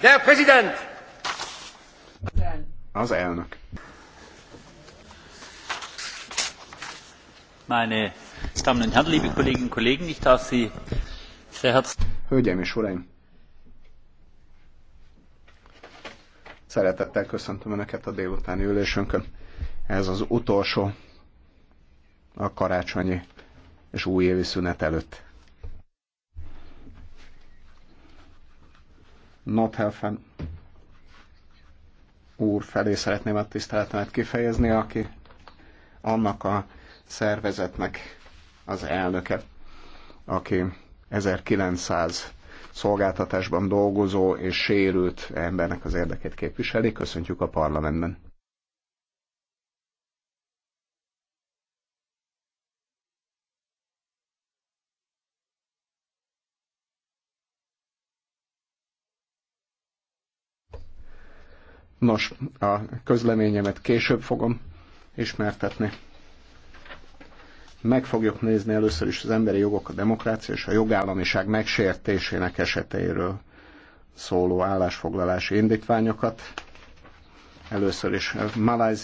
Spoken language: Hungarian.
De prezident! Az elnök. Meine Damen und Herren, liebe Kolleginnen und Kollegen, ich darf Sie sehr herzlich... Hölgyeim és Uraim! Szeretettel köszöntöm Önöket a délutáni ülésünkön. Ez az utolsó a karácsonyi és újévi szünet előtt Nothelfen úr felé szeretném a tiszteletemet kifejezni, aki annak a szervezetnek az elnöke, aki 1900 szolgáltatásban dolgozó és sérült embernek az érdekét képviseli. Köszöntjük a parlamentben! Nos, a közleményemet később fogom ismertetni. Meg fogjuk nézni először is az emberi jogok, a demokrácia és a jogállamiság megsértésének eseteiről szóló állásfoglalási indítványokat. Először is eh, Malajzia.